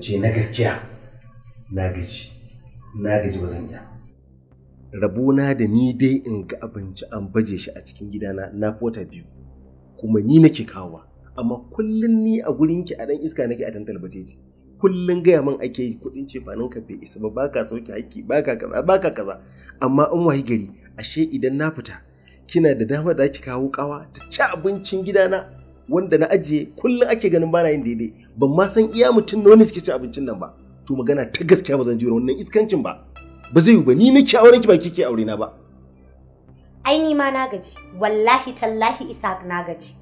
zance na gaskiya na gaji na gaji ba zan iya rabona da ni dai in ga abinci an baje shi a cikin gidana na fota biyu kuma ni nake kawo amma kullum ni a gurin ki a dan iska nake a tantal bajeji kullum gaya min ake yi kudin 'Fanin ka bai isa ba baka sauki haƙƙi baka kaza baka kaza amma in wayi gari ashe idan na fita kina da dama da ki kawo kawa ta ci abincin gidana wanda na ajiye kullum ake ganin bana yin daidai ban ma san iya mutum nawa ne suke ci abincin nan ba to magana ta gaskiya ba zan jira wannan iskancin ba ba zai yi ba ni nake ki ba kike aure na ba ai ni ma na gaji wallahi tallahi isa na gaji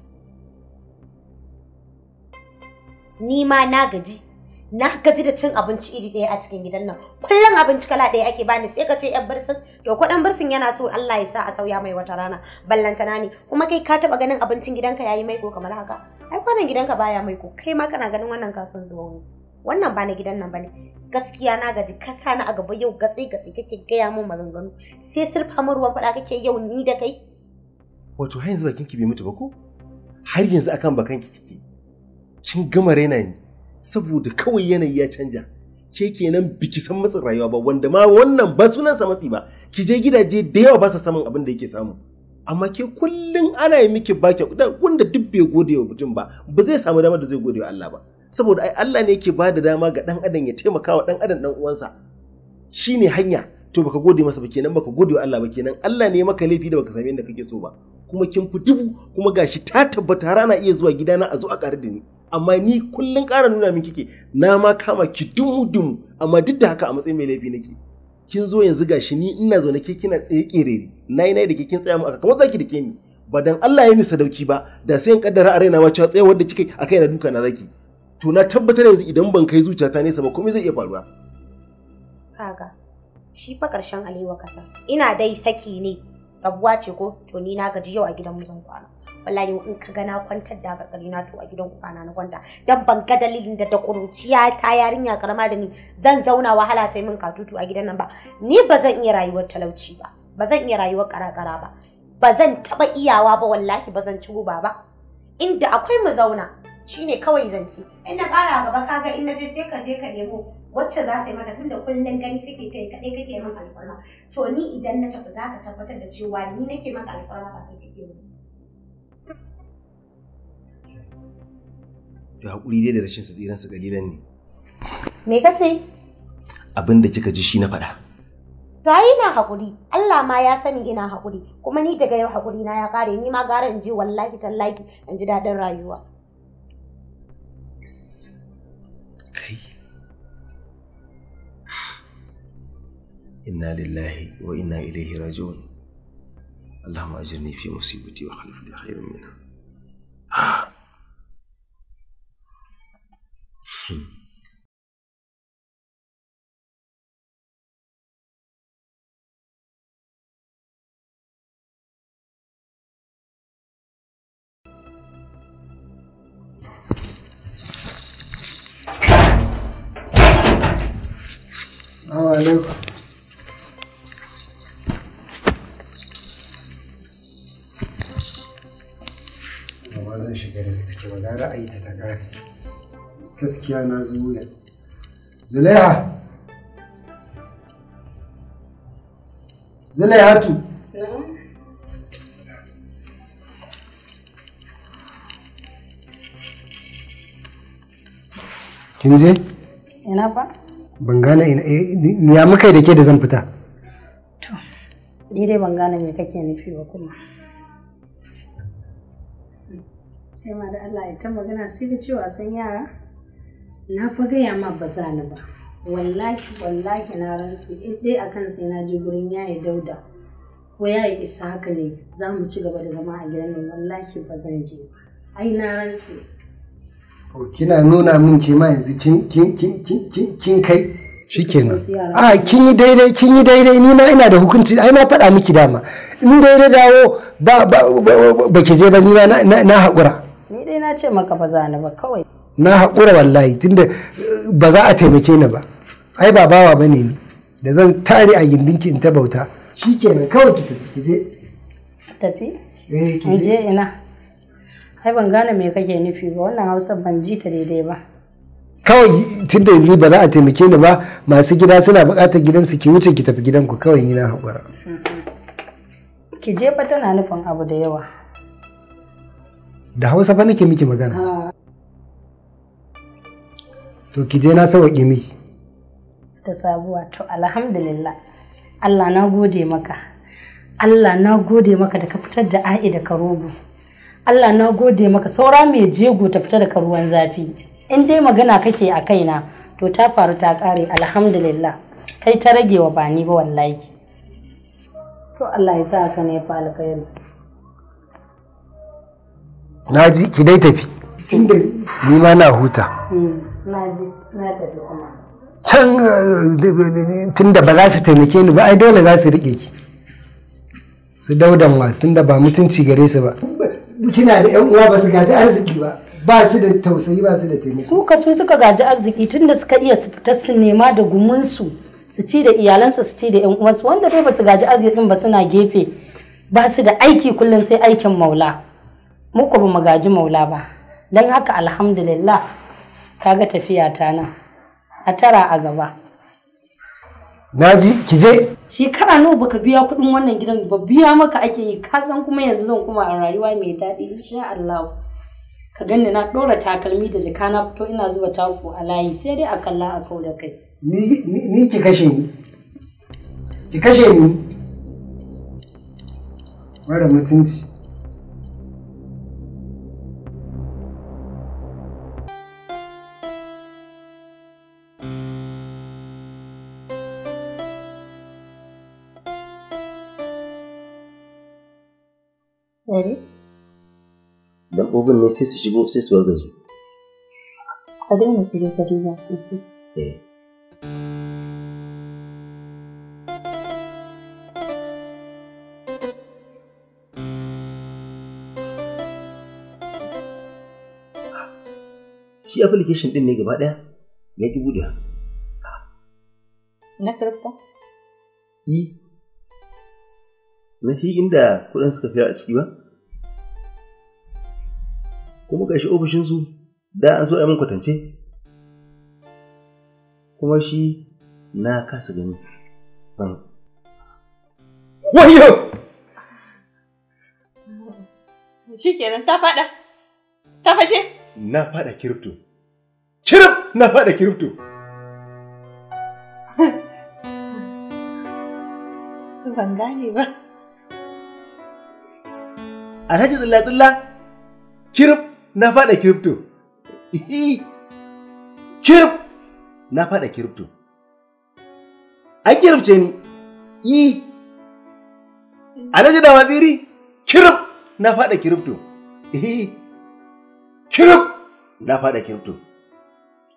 ni ma na gaji na gaji da cin abinci iri ɗaya a cikin gidan nan kullum abinci kala ɗaya ake bani sai ka ce yan birsin to ko dan birsin yana so Allah ya sa a sauya mai wata rana ballantana ne kuma kai ka taba ganin abincin gidanka yayi mai ko kamar haka ai kwanan gidanka baya mai ko kai ma kana ganin wannan kasan zuwa ne wannan ba na gidan nan bane gaskiya na gaji ka sani a gaba yau gatsi gatsi kake gaya min maganganu sai sirfa mu ruwan faɗa kake yau ni da kai wato har yanzu bakin ki bai mutu ba ko har yanzu akan bakan ki kike kin gama raina ni saboda kawai yanayi ya canja ke kenan biki san matsin rayuwa ba wanda ma wannan ba sunansa matsi ba ki je gidaje da yawa ba sa samun abin da yake samu amma ke kullun ana yi miki baki wanda duk bai gode wa mutum ba ba zai samu dama da zai gode wa Allah ba saboda ai Allah ne yake bada dama ga dan adam ya taimaka wa dan adam dan uwansa shine hanya to baka gode masa ba kenan baka gode wa Allah ba kenan Allah ne ya maka laifi da baka same inda kake so ba kuma kin fi dubu kuma gashi ta tabbata rana iya zuwa gidana a zo a ƙari da ni amma ni kullum ƙara nuna min kike na ma kama ki dumu dumu amma duk da haka a matsayin mai laifi nake kin zo yanzu ga shi ni ina zo ke kina tsaye kerere nayi nayi da ke kin tsaya mu aka kamar zaki da ke ni ba dan Allah ya ni sadauki ba da sai in kaddara a ma cewa tsayawar da kike akai na duka na zaki to na tabbatar yanzu idan ban kai zuciya ta nesa ba komai zai iya faruwa kaga shi fa karshen alewa kasa ina dai saki ne rabuwa ce ko to ni na gaji yau a gidan mu zan kwana wallahi in ka ga na kwantar da gargari na to a gidan kana na kwanta dan ban ga dalilin da ta kuruciya ta yarinya karama da ni zan zauna wahala ta yi min katutu a gidan nan ba ni ba zan iya rayuwar talauci ba ba zan iya rayuwar karakara ba ba zan taba iyawa ba wallahi ba zan ci guba ba inda akwai mu zauna shine kawai zance in na kara gaba ga in naje sai ka je ka nemo wacce za ta yi maka tunda kullum gani kake kai kaɗai kake min alfarma to ni idan na tafi za ka tabbatar da cewa ni nake maka alfarma ba kai kake min to haƙuri dai da rashin su tsiransu kalilan ne me ka ce abin da kika ji shi na faɗa to ai ina haƙuri Allah ma ya sani ina haƙuri kuma ni daga yau haƙuri na ya ƙare ni ma gara in je wallahi tallahi in ji daɗin rayuwa kai inna lillahi wa inna ilaihi raji'un ajirni fi musibati wa وخلف لي خير منها 事。Alaikum. Amma zan shiga daga ciki ba gara a yi ta ta ƙare. gaskiya na zo ne. zulaiha Zulaiha tu. kin je ina ba ban gane ina eh, ya muka da ke da zan fita to ni dai ban gane me kake nufi ba kuma kai ma da Allah ya ta magana sai ka ce wasan yara na fa gaya ma ba za ni ba wallahi wallahi na rantsi in dai kan sai na je gurin yaye dauda ko yaye isa haka ne za mu ci gaba da zama a gidan nan wallahi ba zan je ai na rantsi kina nuna min ke ma yanzu kin kin kin kin kai shikenan a ah, kin yi daidai kin yi daidai ni ma ina da hukunci ai na faɗa miki dama in daidai dawo ba ba ba ki je ba ni ma na haƙura ni dai na ce maka ba za ni ba kawai na haƙura wallahi tunda eh, ba za a taimake ni ba ai ba bawa ba ne da zan tare a gindinki in ta bauta shi kenan kawai ki tafi, je tafi eh, ki je ina ai ban gane me kake nufi ba wannan hausa ban ji ta daidai ba kawai tunda ni ba za a taimake ni ba masu gida suna buƙatar gidansu ki wuce ki tafi gidanku kawai ni na haƙura ki je fa tana nufin abu da yawa da hausa fa nake miki magana ah. To ki je na sawaƙe miki. Ta sabuwa to alhamdulillah. Allah na gode maka. Allah na gode maka da ka fitar da a'i da karogo. Allah na gode maka saura mai jego ta fita da ruwan zafi. In dai magana kake a kaina to ta faru ta ƙare alhamdulillah. Kai ta rage wa bani ba wallahi. To Allah ya sa ka ne fa alkhairi. Na ji ki dai tafi. Tunda ni ma na huta. Hmm. can eh, tunda ba za su taimake ni ba ai dole za su riƙe ki su daudan ma tunda ba mutunci gare su ba kina da yan uwa ba su gaji arziki ba ba su da tausayi ba su da taimako su ka su suka gaji arziki tunda suka iya su fita su nema da gumunsu su ci da iyalansa su ci da yan uwansu wanda dai ba su gaji arzikin ba suna gefe ba su da aiki kullum sai aikin maula muku ba mu gaji maula ba don haka alhamdulillah kaga tafiya ta nan a tara a gaba naji ki je shekara nawa baka biya kuɗin wannan gidan ba biya maka ake yi ka san kuma yanzu zan kuma a rayuwa mai daɗi insha Allah ka ganni na ɗora takalmi da jaka na fito ina zuba taku a layi sai dai a kalla a kau da kai ni ni ki kashe ni ki kashe ni mara mutunci Ready? The oven necessary to go six welders. I don't want to see you for doing that, Lucy. Yeah. Shi application ɗin ne gaba ɗaya ya ki buɗe. Na karɓa? Eh. na fi inda kuɗin suka fiya a ciki ba kuma gashi ofishinsu da an so a yi kwatance kuma shi na kasa gani ban wayo shi kenan ta faɗa ta fashe na faɗa kirifto kirif na faɗa kirifto ban gane ba alhaji tsilla tsilla kirif na fada kirifto kirif na fada kirifto an kirifce ni yi alhaji da waziri kirif na fada kirifto kirif na fada kirifto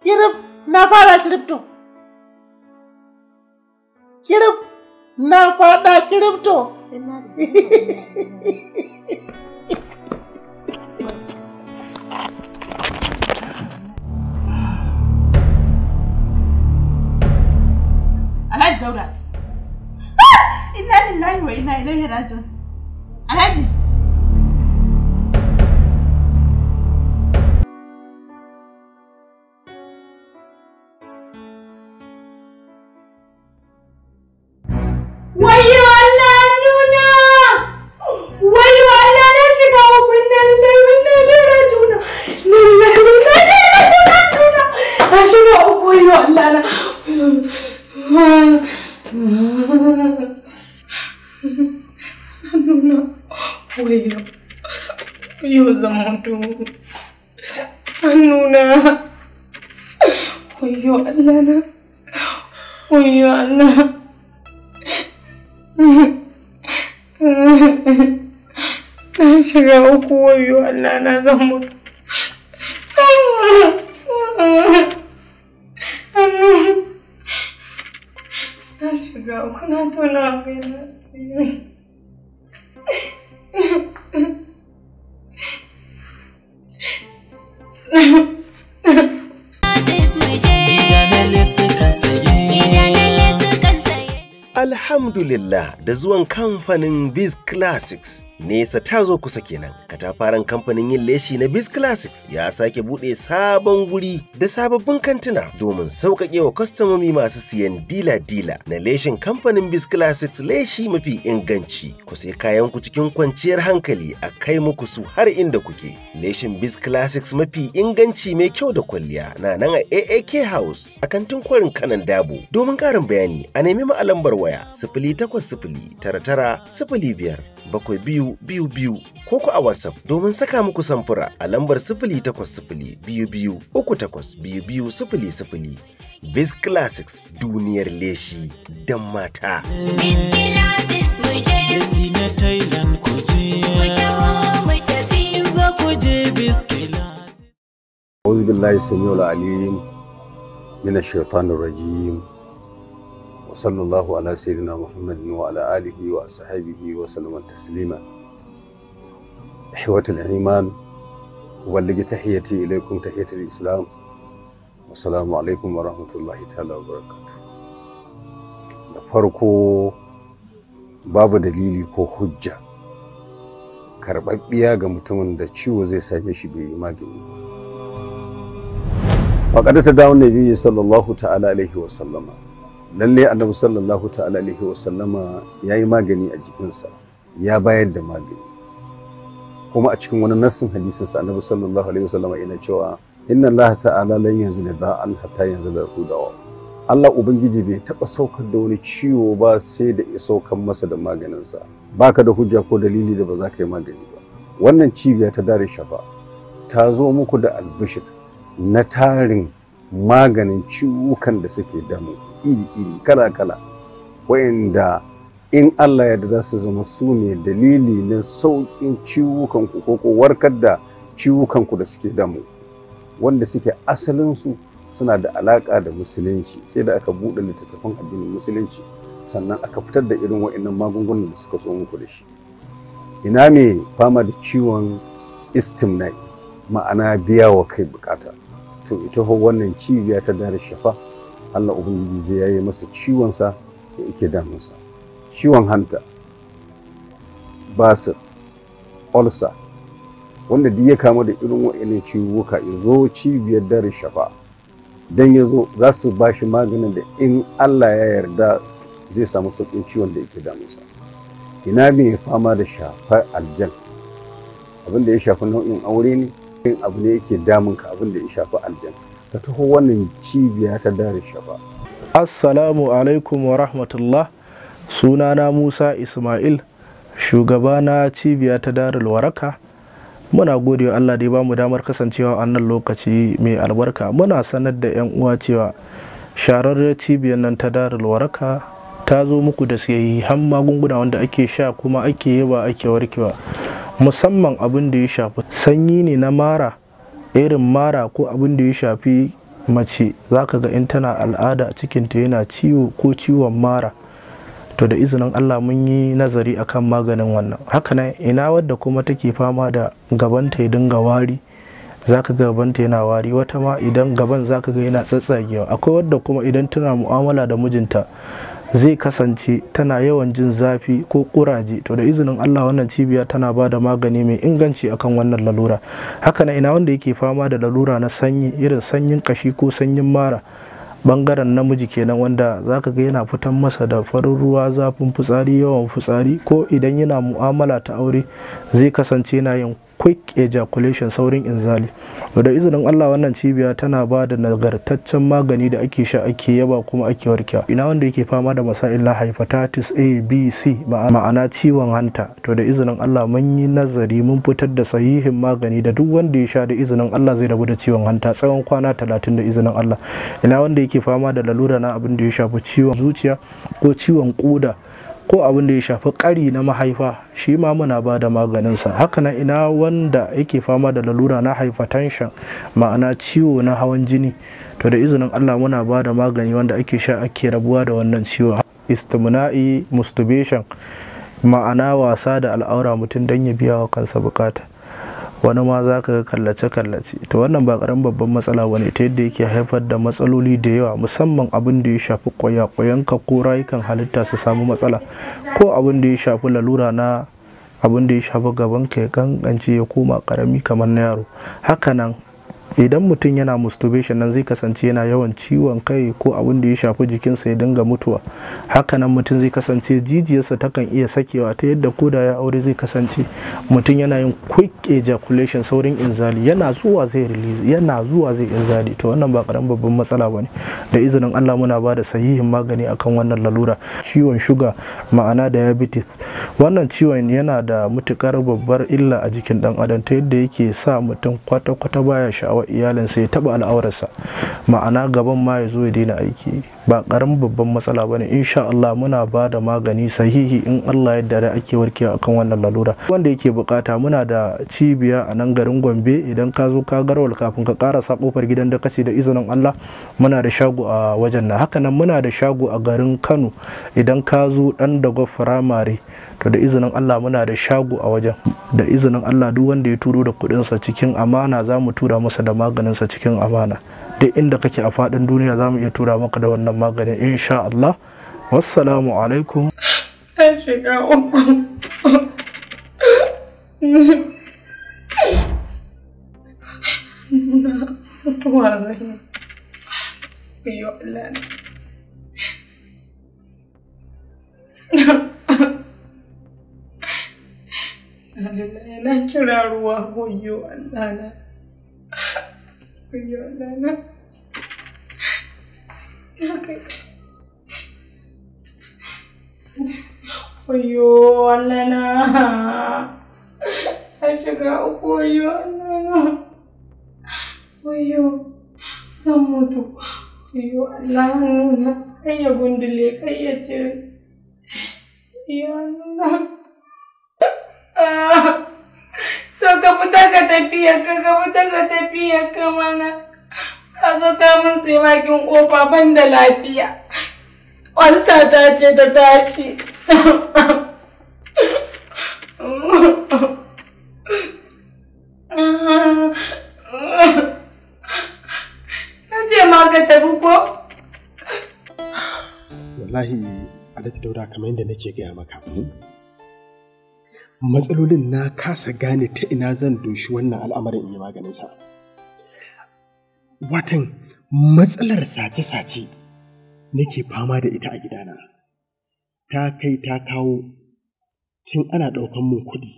kirif na fada kirifto kirif na fada kirifto Alhaji Zaura. Ah! Inna lillahi wa inna ilaihi raji'un. Alhaji yau zan mutu hannuna wayo allah na wayo Alana. na shiga uku wayo na shiga uku na tona alhamdulillah da zuwan kamfanin Biz Classics Nesa ta zo kusa kenan. Katafaren kamfanin yin leshi na Biz Classics ya sake bude sabon guri da sababbin kantuna domin sauƙaƙe wa kwastomomi masu siyan dila-dila na leshin kamfanin Biz Classics leshi mafi inganci. Ku sai kayan ku cikin kwanciyar hankali a kai muku su har inda kuke. Leshin Biz Classics mafi inganci mai kyau da kwalliya na nan a AAK House a kantin kwarin kanan dabo. Domin karin bayani a nemi mu waya sifili takwas sifili tara tara sifili biyar bakwai biyu biyu biyu ko ku a WhatsApp domin saka muku samfura a lambar sifili takwas sifili biyu biyu uku takwas biyu biyu sifili sifili. Biz Classics duniyar leshi don mata. Biz Classics mu je. na Thailand sallallahu ala sayyidina muhammadin wa ala alihi wa sahabihi wa sallama taslima ihwatul iman uballigi tahiyati ilaikum tahiyatul islam assalamu alaikum wa rahmatullahi ta'ala wa barakatuh da farko babu dalili ko hujja karɓaɓɓiya ga mutumin da ciwo zai same shi bai yi magani ba. ta dawo Nabi sallallahu ta'ala alaihi wa sallama. lalle annabi sallallahu ta'ala alaihi wasallama ya yi magani a jikinsa ya bayar da magani kuma a cikin wani nassin hadisin sa annabi sallallahu alaihi sallama yana cewa inna allaha ta'ala lan yanzu da da'an hatta yanzu da hudawa. Allah Ubangiji bai taɓa saukar da wani ciwo ba sai da ya saukar masa da maganin maganinsa baka da hujja ko dalili da ba za ka yi magani ba wannan cibiya ta dare shafa ta zo muku da albishir na tarin maganin ciwukan da suke damu iri-iri kala-kala wayanda in Allah ya za su zama su ne dalili na sauƙin ciwukanku ko ko warkar da ciwukanku da suke damu wanda suke asalinsu suna da alaƙa da musulunci sai da aka buɗe littattafan addinin musulunci sannan aka fitar da irin wa'annan magungunan da suka so muku da shi ina ne fama da ciwon istimnai ma'ana biya wa kai bukata to ita wannan cibiya ta dare shafa Allah Ubangiji zai yaye masa ciwonsa da yake damunsa. Ciwon hanta, basir, olsa, wanda duk ya kama da irin wa'annan ciwuka ya zo cibiyar dare shafa Dan ya zo za su ba shi maganin da in Allah ya yarda zai samu sauƙin ciwon da yake damunsa. Ina mai fama da shafar aljan, abin da ya shafi nau'in aure ne, abin abu ne yake damunka abin da ya shafi aljan. ka taho wannan cibiya ta dare ba. assalamu alaikum wa rahmatullah sunana musa ismail shugaba na cibiya ta darul waraka muna gode wa allah da ya bamu damar kasancewa a nan lokaci mai albarka muna sanar da 'yan uwa cewa shararriyar cibiyar nan ta darul waraka ta zo muku da har magunguna wanda ake sha kuma ake yaba ake warkewa musamman abin da ya shafi sanyi ne na mara irin mara ko abin da ya shafi mace zaka ga in tana al'ada cikinta yana ciwo ko ciwon mara to da izinin Allah mun yi nazari akan maganin wannan hakanan ina wadda kuma take fama da gabanta ya dinga wari zaka ga gabanta yana wari wata ma idan gaban zaka ga yana tsatsagewa akwai wadda kuma idan tana mu'amala da mijinta zai kasance tana yawan jin zafi ko kuraje to da izinin Allah wannan cibiya tana ba da magani mai inganci akan wannan lalura haka na ina wanda yake fama da lalura na sanyi irin sanyin kashi ko sanyin mara bangaren namiji kenan wanda zaka ga yana fitan masa da farin ruwa zafin fitsari yawan fitsari ko idan yana mu'amala ta aure zai kasance na yin quick ejaculation saurin inzali da izinin Allah wannan cibiya tana ba da nagartaccen magani da ake sha ake yaba kuma ake warkewa ina wanda yake fama da masail na hepatitis A B C ma'ana ciwon hanta to da izinin Allah mun yi nazari mun fitar da sahihin magani da duk wanda ya sha da izinin Allah zai rabu da ciwon hanta tsawon kwana 30 da izinin Allah ina wanda yake fama da lalura na abin da ya shafi ciwon zuciya ko ciwon koda ko abin da ya shafi ƙari na mahaifa shi ma muna ba da maganinsa hakanan ina wanda yake fama da lalura na hypertension ma'ana ciwo na hawan jini to da izinin allah muna ba da magani wanda ake sha ake rabuwa da wannan ciwo? istimna'i masturbation ma'ana wasa da al'aura mutum don ya biya wa kansa bukata wani ma za ka kallace-kallace ta wannan ba karan babban matsala bane ta yadda yake haifar da matsaloli da yawa musamman abin da ya shafi kwaya ka ko rayukan halitta su samu matsala ko abin da ya shafi lalura na abin da ya shafi gaban ka ya kankance ya koma karami kamar na yaro haka nan idan mutum yana masturbation nan zai kasance yana yawan ciwon kai ko abin da ya shafi jikinsa ya dinga mutuwa hakanan mutum zai kasance jijiyarsa ta kan iya sakewa ta yadda ko da ya aure zai kasance mutum yana yin quick ejaculation saurin inzali yana zuwa zai release yana zuwa zai inzali to wannan ba karamin babban matsala bane da izinin Allah muna ba da sahihin magani akan wannan lalura ciwon shuga ma'ana diabetes wannan ciwon yana da matukar babbar illa a jikin dan adam ta yadda yake sa mutum kwata-kwata baya sha'awa iyalinsa ya taba al'aurarsa ma'ana gaban ma ya zo ya daina aiki ba karamin babban matsala bane insha Allah muna ba da magani sahihi in Allah yadda da ake warkewa akan wannan lalura wanda yake bukata muna da cibiya a nan garin Gombe idan ka zo ka garwal kafin ka karasa kofar gidan da kace da izinin Allah muna da shago a wajen nan haka nan muna da shago a garin Kano idan ka zo dan dago firamare to da izinin Allah muna da shago a wajen da izinin Allah duk wanda ya turo da sa cikin amana za mu tura masa da maganin sa cikin amana duk inda kake a faɗin duniya za mu iya tura maka da wannan maganin insha Allah wassalamu alaikum shiga na yi Allah na kira ruwa wayo Allah na Ayyo Allah na. Na kai. Ayyo Allah zan mutu. Ayyo Allah nuna. Kai kayyace. gundule, Allah. Ah! fita ka tafiya ka ka fita ka tafiya ka mana ka zo ka min sai bakin kofa ban da lafiya wani ta ce ta tashi na ce ma ka tafi ko wallahi alhaji dauda kamar yadda nake gaya maka matsalolin na kasa gane ta ina zan doshi wannan al'amarin in yi maganinsa. Watan matsalar sace-sace nake fama da ita a gidana, ta kai ta kawo tun ana ɗaukan mun kuɗi,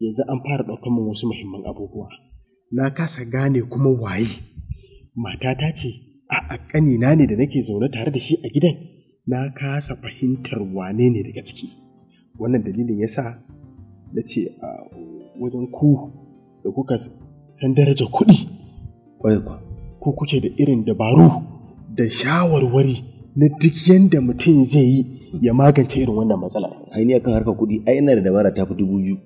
yanzu an fara ɗaukan mun wasu muhimman abubuwa. Na kasa gane kuma waye, matata ce a ƙanina ne da nake zaune tare da shi a gidan, na kasa fahimtar wane ne daga ciki. wannan dalilin ya sa na ce a wajen ku da kuka san darajar kuɗi ku kuke da irin dabaru da shawarwari na duk yadda mutum zai yi ya magance irin wannan matsala. Aini akan harkar kuɗi ai ina da dabara ta fi dubu biyu.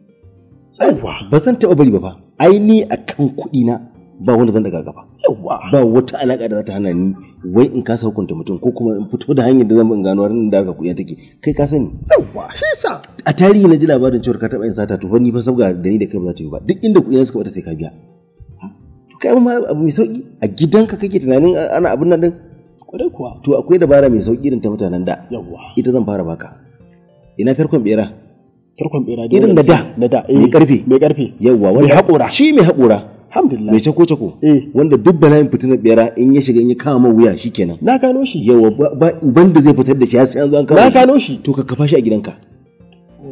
Ba san taɓa bari ba fa. Aini akan kuɗi na ba wanda zan daga gaba yawa ba wata alaka da za ta hana ni wai in kasa hukunta mutum ko kuma in fito da hanyar da zan in gano in da aka kuya take kai ka sani yawa shi yasa a tarihi na ji labarin cewa ka taɓa yin sata to ba ni fa saboda da ni da kai ba za ta yi ba duk inda kuɗi suka bata sai ka biya kai ma abu mai sauki a gidanka kake tunanin ana abin nan din kwarai kuwa to akwai dabara mai sauki irin ta mutanen da yawa ita zan fara baka ina tarkon bera tarkon bera irin na da na da mai karfe eh, mai karfe yawa wani haƙora shi mai haƙora alhamdulillah mai cako cako eh wanda duk bala'in fitina bera in ya shiga in ya kama wuya shikenan na gano shi yawa ba uban da zai fitar da shi sai an zo an kama na gano shi to ka kafa shi a gidanka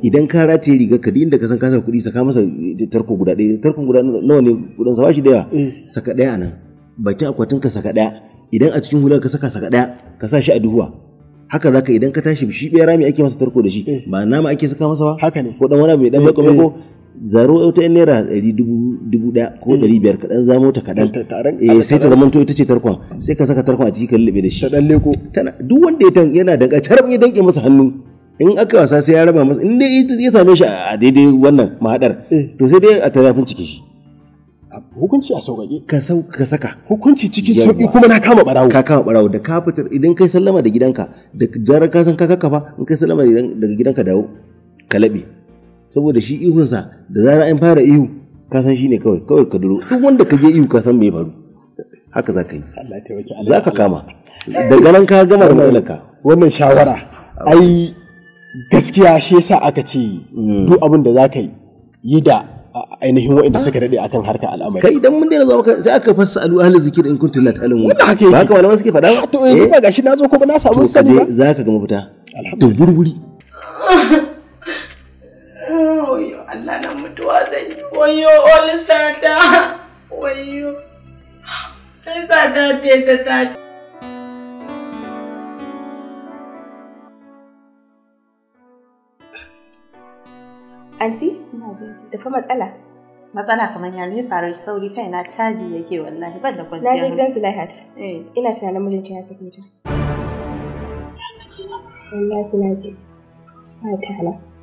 idan ka rataye riga ka inda ka san ka kuɗi saka masa eh, tarko guda ɗaya tarkon guda nawa ne kudin sa shi da yawa eh. saka ɗaya anan bakin akwatin ka saka ɗaya idan a cikin hular ka saka saka ɗaya ka sa shi a duhuwa haka zaka idan ka tashi shi bera me ake masa tarko da shi eh. ba nama ake saka masa ba haka ne ko dan wani mai dan bako ko zaro wata yan naira ɗari dubu ɗaya ko eh. ɗari biyar kaɗan zamo ta kaɗan eh, sai ta zamanto ita ce tarkon sai ka saka tarkon a ciki ka lulluɓe da shi ta ɗan tana duk wanda ya yana danka carab ya danke masa hannu in aka wasa sai ya raba masa in dai ya same shi a daidai wannan mahadar eh. to sai dai a tarafin ciki shi hukunci a sauƙaƙe ka sau ka saka hukunci cikin sauƙi kuma na kama ɓarawo. ka kama ɓarawo da ka idan kai sallama da gidanka da jarar ka san ka kakkafa in kai sallama daga gidanka dawo ka laɓe saboda shi ihunsa da zara an fara ihu ka san shi ne kawai kawai ka duro duk wanda ka je ihu ka san me faru haka za ka yi za ka kama daga nan ka gama da matsalaka wannan shawara ai gaskiya shi yasa aka ce hmm. duk abin da za ka yi yi da ainihin wa'inda suka daɗe akan harkar al'amari. Kai idan mun daina zuwa maka sai aka fassa alu ahli zikir in kuntum la ta'lamun. Wanda haka yake. Ba haka malaman ke faɗa. To yanzu eh. ba gashi na zo kuma na samu sani ba. Za ka ga mafita. to Da gurguri. wayo Allah na mutuwa zan yi wayo olisata wayo olisata ce ta tashi Anti, da fa matsala. Matsala kamar ya ne faru sauri kai na caji yake wallahi ban da kwanciya. Na je gidan Zulaihat. Eh. Ina tunanin mijinta ya sake ta. Ya sake ta. Wallahi na je. Ba ta halaka.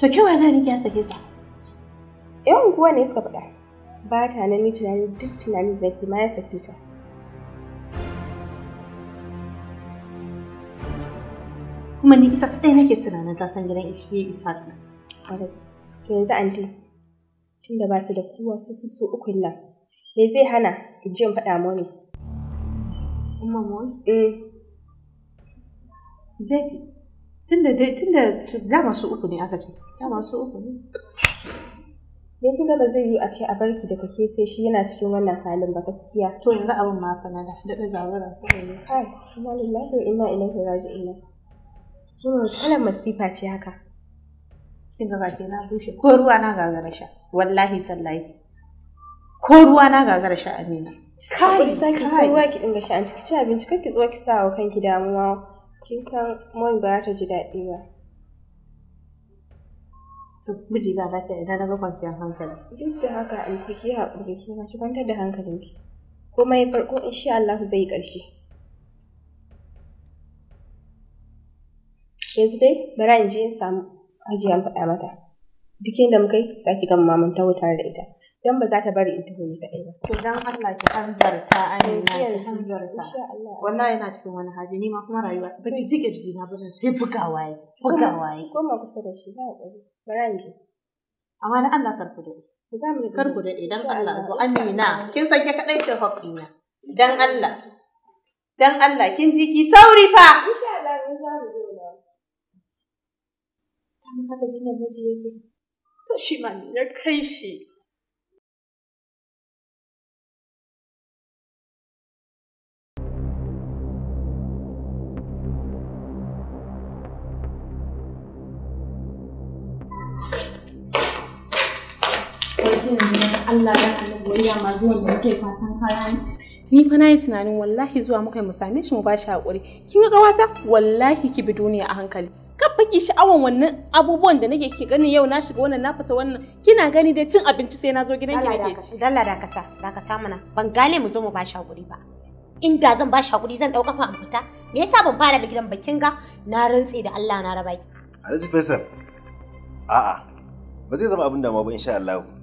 To ke wa zan miki sake ta? Yan unguwa ne suka faɗa. Ba ta nan ni tunani duk tunani da ke ma ya sake ta. Kuma ni ita kaɗai nake tunanin ta san gidan isa ta. na. To yanzu anti tunda ba su da kowa su su su ukun nan. Me zai hana in je in faɗa mu ne? Umma mu? Eh. Je tunda dai tunda dama su uku ne aka ce. dama su uku ne dan kika zai yi a ce a barki da kake sai shi yana cikin wannan halin ba gaskiya to yanzu abin ma fa na da daɗa zawara ko ne kai kuma lillahi wa inna ilaihi Zuma kuma kalan masifa ce haka kin ga ba na bushe ko ruwa na gagara sha wallahi tallahi ko ruwa na gagara sha amina kai zaki ko ruwa ki dinga sha an ciki ci abinci kake zo ki sa wa kanki damuwa kin san mun ba ta ji daɗi ba mijina ta idan na ga kwanciyar hankali. Duk da haka an ce ki haƙuri ki ma kwantar da hankalinki. Kuma ya farko in shi Allah zai ƙarshe. Yanzu dai bari in je in samu ajiyar faɗa mata. Duk inda muka yi za ki gama mamanta tare da ita. don ba za ta bari in tafi ni kaɗai ba. To dan Allah ki hanzarta Amina eh, ki hanzarta. Wallahi yana cikin wani hali ni ma kuma rayuwa ba ki jike na ba sai waye. Buga waye. Ko Koma kusa da shi ba ƙwari Ba ran ji. Amma na Allah karku daɗe. Ku za mu karku daɗe dan Allah zo Amina kin san ke kaɗai ce haƙƙina dan Allah. Dan Allah kin ji ki sauri fa. Insha Allah mun za mu zo na. Ta haka jinan miji yake. To shi ma ya kai shi. Allah ya kalli goyiya ma zuwan da muke kwasan kaya ni fa nayi tunanin wallahi zuwa muka mu same shi mu ba shi hakuri kin ga gawata wallahi ki bi duniya a hankali kan baki sha'awan wannan abubuwan da nake ke gani yau na shiga wannan na fita wannan kina gani dai cin abinci sai na zo gidan ki nake ci dalla dakata dakata mana ban gane mu zo mu ba shi hakuri ba inda zan ba shi hakuri zan dauka fa in fita me yasa ban fara da gidan bakin ga na rantse da Allah na raba ki Alhaji Faisal a'a ba zai zama abin damuwa ba insha Allah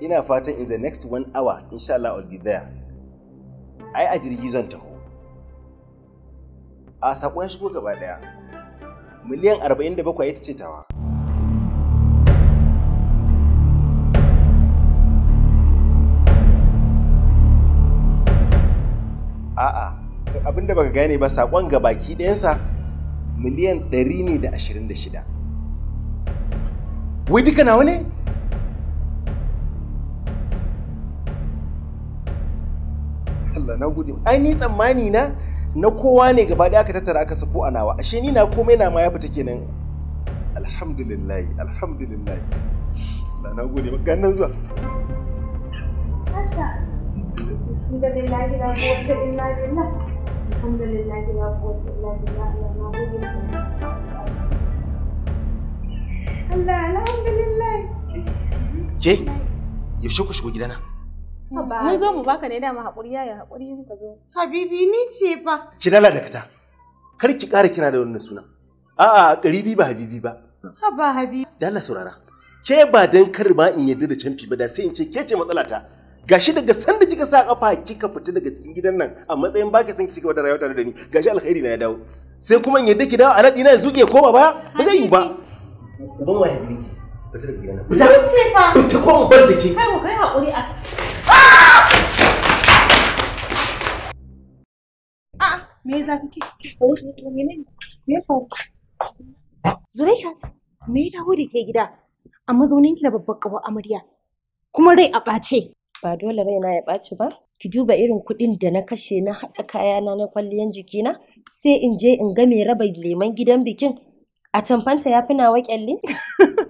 ina fatan in the next one hour insha Allah I'll be there ai a jirgi zan taho a sakon shigo gaba daya miliyan 47 ita ce tawa a'a abinda baka gane ba sakon gabaki ɗayansa miliyan 100 ne da wai duka nawa ne Allah na gode ai ni tsammani na na kowa ne gaba ɗaya aka tattara aka sako a nawa ashe ni na komai na ma ya fita kenan alhamdulillah alhamdulillah Allah na gode maka nan zuwa Asha alhamdulillah Allah na gode Allah alhamdulillah ke yaushe ku shigo gidana Mun zo mu baka ne dama haƙuri yaya haƙuri ka zo. Habibi ni ce fa. Ki dala da kata. Kar ki ƙara kira da wannan sunan. A'a ƙaribi ba Habibi ba. Haba Habibi. Dala saurara. Ke ba dan kar ma in yadda da canfi ba da sai in ce ke ce matsalata. Gashi daga sanda kika sa kafa kika fita daga cikin gidan nan a matsayin baka san ki cigaba da rayuwa tare da ni. Gashi alkhairi na ya dawo. Sai kuma in yadda ki dawo a na ya zuke koma ba ba zai yiwu ba. Ban wa Habibi. fita daga gidana fita ce fa fita ko in bar da ke kai ku kai hakuri a ah! a'a me za ki ke me ya faru Zulaihat me ya dawo da ke gida a mazaunin ki da babbar kawo amarya kuma rai a ɓace ba dole raina ya ɓaci ba ki duba irin kuɗin da na kashe na haɗa kayana na kwalliyan jikina sai in je in ga mai raba leman gidan bikin a tamfanta ya fi nawa ƙyalli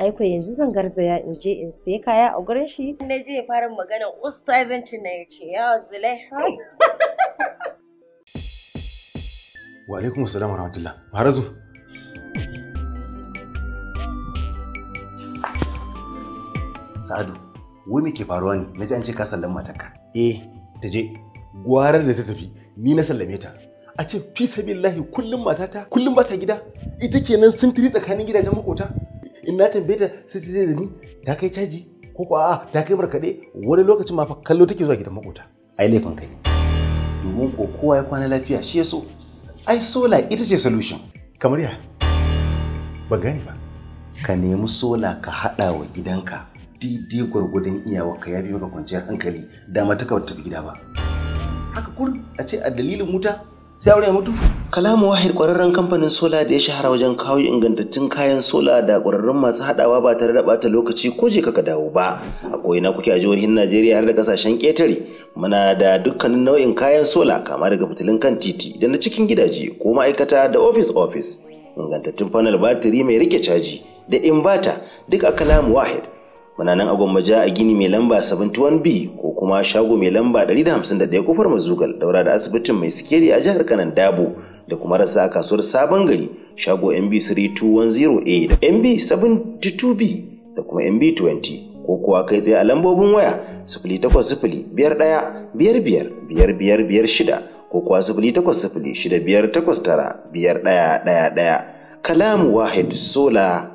aiko yanzu zan garzaya in je in sai kaya a gurin shi na je fara magana ustazanci na ya ce ya zule wa alaikum assalam warahmatullah harazu sa'adu wai me ke faruwa ne na ji an ce ka sallan matarka eh ta je gwarar da ta tafi ni na sallame ta a ce fi sabillahi kullum matata kullum bata gida ita kenan sintiri tsakanin gidajen makota in na tambaye ta sai ta ce da ni ta kai caji ko ko a'a ta kai markaɗe wani lokacin ma fa kallo take zuwa gidan makota ai laifin kai domin ko kowa ya kwana lafiya shi ya so ai sola ita ce solution kamar ya ba gani ba ka nemi sola ka haɗa wa gidanka didi gwargwadon iyawa ka yafi maka kwanciyar hankali da mata ka tafi gida ba haka kurin a ce a dalilin wuta sai aure ya mutu kalamu wahid kwararren kamfanin sola da ya shahara wajen kawo ingantattun kayan sola da kwararrun masu haɗawa ba tare da bata lokaci ko je kaka dawo ba a na kuke a jihohin najeriya har da kasashen ketare muna da dukkanin nau'in kayan sola kama daga fitilun kan titi da na cikin gidaje ko ma'aikata da ofis ofis, ingantattun panel batiri mai rike caji da inverter duk a kalamu wahid muna nan a gwammaja a gini mai lamba 71b ko kuma shago mai lamba 151 kofar mazugal daura da asibitin mai sikeri a jihar kanan dabo da kuma rasa a kasuwar sabon gari shago mb 3210a da mb 72b da kuma mb 20 ko kuwa kai tsaye a lambobin waya 08055555556 ko kuwa 08065895111 kalamu wahid sola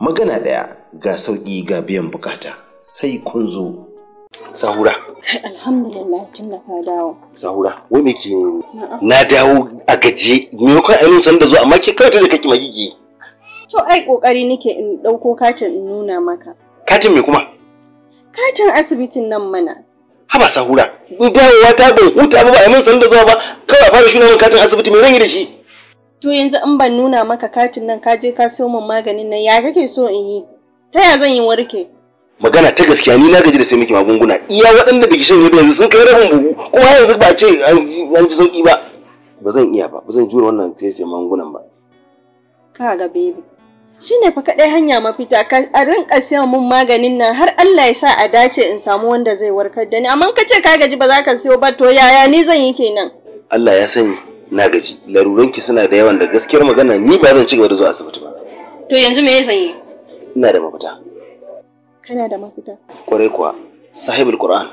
magana ɗaya ga sauƙi ga biyan bukata sai kun zo sahura alhamdulillah tun da ka dawo sahura wai me ke na dawo a gaje me kan ainihin san da zo amma ke kawai da kake magigi to ai kokari nake in ɗauko katin in nuna maka katin me kuma katin asibitin nan mana haba sahura dawowa ta bai huta ba ba a min san da zuwa ba kawai a fara shi na katin asibiti me zan yi da shi to yanzu in ban nuna maka katin nan kaje ka siyo min maganin nan ya kake so in yi ta ya zan yi warke magana ta gaskiya ni na gaji da sai miki magunguna iya waɗanda biki shan yadda yanzu sun kai rabin buhu kuma yanzu ba ce an ji sauki ba ba zan iya ba ba zan jure wannan sai sai magungunan ba ka ga baby shine fa kaɗai hanya mafita ka a rinka siyan mun maganin nan har Allah ya sa a dace in samu wanda zai warkar da ni amma ka ce ka gaji ba za ka siyo ba to yaya ni zan yi kenan Allah ya sani na gaji laruranki suna da yawan da gaskiyar magana ni ba zan ci gaba da zuwa asibiti ba to yanzu me zan yi ina da mafita kana da mafita kwarai kuwa sahibul qur'an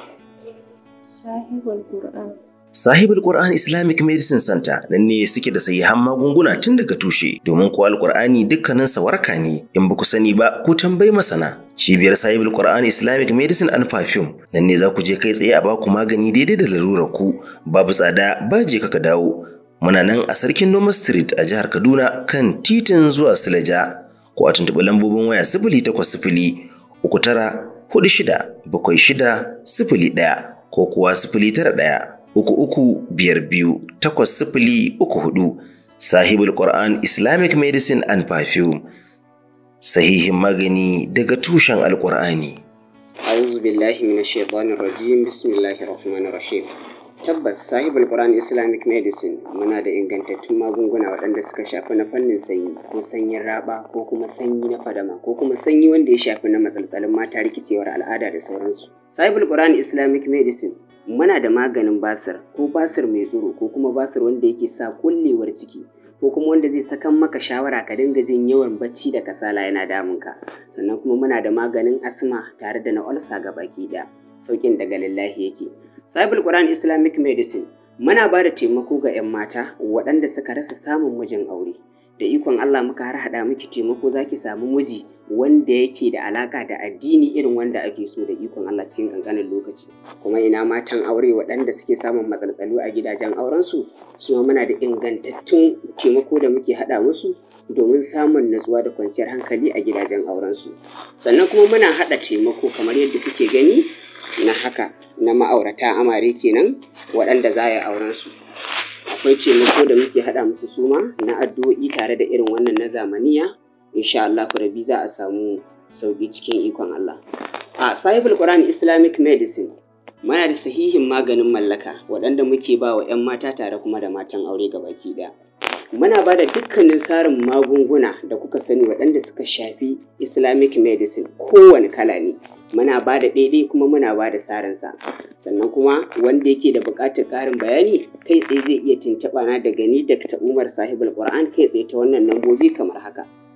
sahibul qur'an Sahibul Qur'an Islamic Medicine Center nan ne suke da sahihan magunguna tun daga tushe domin kuwa Alƙur'ani dukkanin sa waraka ne in ba ku sani ba ku tambayi masana Cibiyar Sahibul Qur'an Islamic Medicine and Perfume nan ne za ku je kai tsaye a baku magani daidai da larurar ku babu tsada ba je ka dawo Muna nan a Sarkin Noma Street a jihar Kaduna kan titin zuwa Silaja ko a tuntuɓi lambobin waya sifili takwas sifili uku tara hudu shida bakwai shida sifili ɗaya ko kuwa sifili tara ɗaya uku uku biyar biyu takwas sifili uku hudu sahibul Quran Islamic Medicine and Perfume sahihin magani daga tushen alkur'ani. أعوذ بالله من الشيطان الرجيم بسم الله الرحمن الرحيم Tabbas sahibul Quran Islamic Medicine muna da ingantattun magunguna waɗanda suka shafi na fannin sanyi ko sanyin raba ko kuma sanyi na fadama ko kuma sanyi wanda ya shafi na matsaltsalin mata rikicewar al'ada da sauransu. Sahibul Quran Islamic Medicine muna da maganin basir ko basir mai tsoro ko kuma basir wanda yake sa kullewar ciki ko kuma wanda zai sakan maka shawara ka dinga jin yawan bacci da kasala yana damun ka, sannan kuma muna da maganin asma tare da na olsa ga baki ɗaya saukin daga lillahi yake Saibul Quran Islamic Medicine muna ba da taimako ga 'yan mata waɗanda suka rasa samun mijin aure. Da ikon Allah muka har haɗa miki taimako za ki samu miji wanda yake da alaƙa da addini irin wanda ake so da ikon Allah cikin ƙanƙanin lokaci. Kuma ina matan aure waɗanda suke samun matsaltsalu a gidajen aurensu su muna da ingantattun taimako da muke haɗa musu domin samun natsuwa da kwanciyar hankali a gidajen aurensu. Sannan kuma muna haɗa taimako kamar yadda kuke gani na haka na ma'aurata amare kenan waɗanda za a yi auren su akwai taimako da muke haɗa musu suma na addu'o'i tare da irin wannan na zamaniya insha Allah rabi za a samu sauki cikin ikon Allah a sahibul Quran Islamic Medicine muna da sahihin maganin mallaka waɗanda muke ba wa 'yan mata tare kuma da matan aure gabaki ɗaya muna ba da dukkanin tsarin magunguna da kuka sani waɗanda suka shafi islamic medicine kowane kala ne muna ba da ɗaiɗai kuma muna ba da tsarinsa sannan kuma wanda yake da buƙatar ƙarin bayani kai tsaye zai iya tuntuɓa na daga ni dr umar sahibul qur'an kai tsaye ta wannan lambobi kamar haka